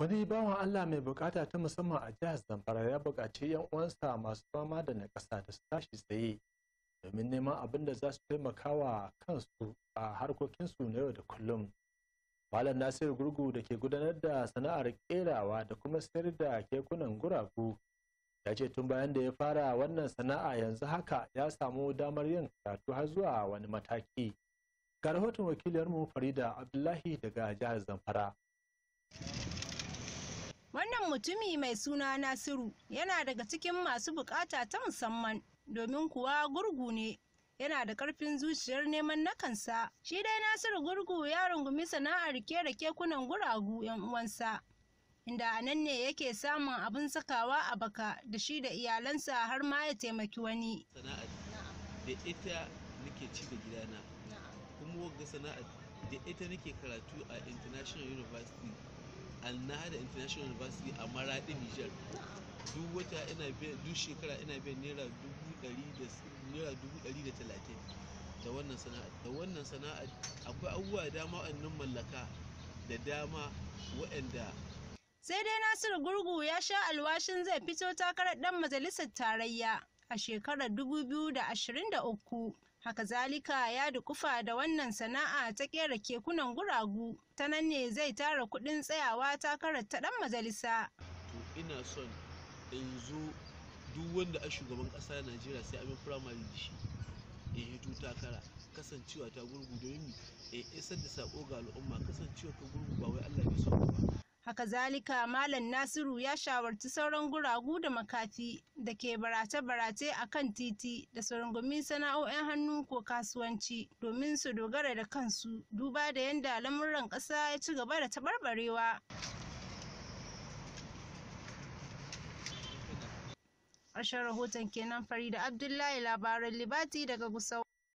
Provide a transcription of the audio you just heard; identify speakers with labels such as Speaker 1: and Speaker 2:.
Speaker 1: wani bawan Allah mai bukata ta musamman a jihar Zamfara ya bukaci yan uwansa masu fama da naƙasa da su tashi tsaye domin neman abin da za su taimaka wa kansu a harkokinsu na yau da kullum. Malam Nasiru Gurgu da ke gudanar da sana'ar kerawa da kuma sayar da kekunan guragu ya ce tun bayan da ya fara wannan sana'a yanzu haka ya samu damar yin karatu har zuwa wani mataki. Ga rahoton wakiliyarmu Farida Abdullahi daga jihar Zamfara.
Speaker 2: Wannan mutumi mai suna Nasiru yana daga cikin masu bukata ta musamman domin kuwa gurgu ne. Yana da ƙarfin zuciyar neman na kansa. Shi dai Nasiru gurgu ya rungumi sana'ar kera kekunan guragu 'yan uwansa. Inda a nan ne yake samun abin sakawa a baka da shi da iyalansa har ma ya taimaki wani.
Speaker 3: da ita nake ci da gidana. Kuma wagga sana'ar da ita nake karatu a International University nahda international university a maraɗin nijar duk wata ina biyan duk shekara ina biyan naira dubu ɗari da naira dubu ɗari da talatin da wannan sana'a da wannan sana'ar akwai abubuwa dama wa'annan mallaka da dama wa'anda
Speaker 2: sai dai nasiru gurgu ya sha alwashin zai fito takarar dan majalisar tarayya a shekarar 2023 haka zalika ya dukufa da wannan sana'a ta kera kekunan guragu ta nan ne zai tara kudin tsayawa takarar ta dan majalisa
Speaker 3: to ina son in zo duk wanda a shugaban ƙasa najeriya sai amin firamare da shi in hito takara kasancewa ta gurgu domin in isar da sako ga al'umma kasancewa ta gurgu ba wai allah ya so ba
Speaker 2: haka zalika malam nasiru ya shawarci sauran guragu da makafi da ke barace-barace a kan titi da su sana'o'in hannu ko kasuwanci domin su dogara da kansu duba da yadda lamuran ƙasa ya ci gaba da taɓarɓarewa ƙarshen rahoton kenan farida abdullahi labaran libati daga gusau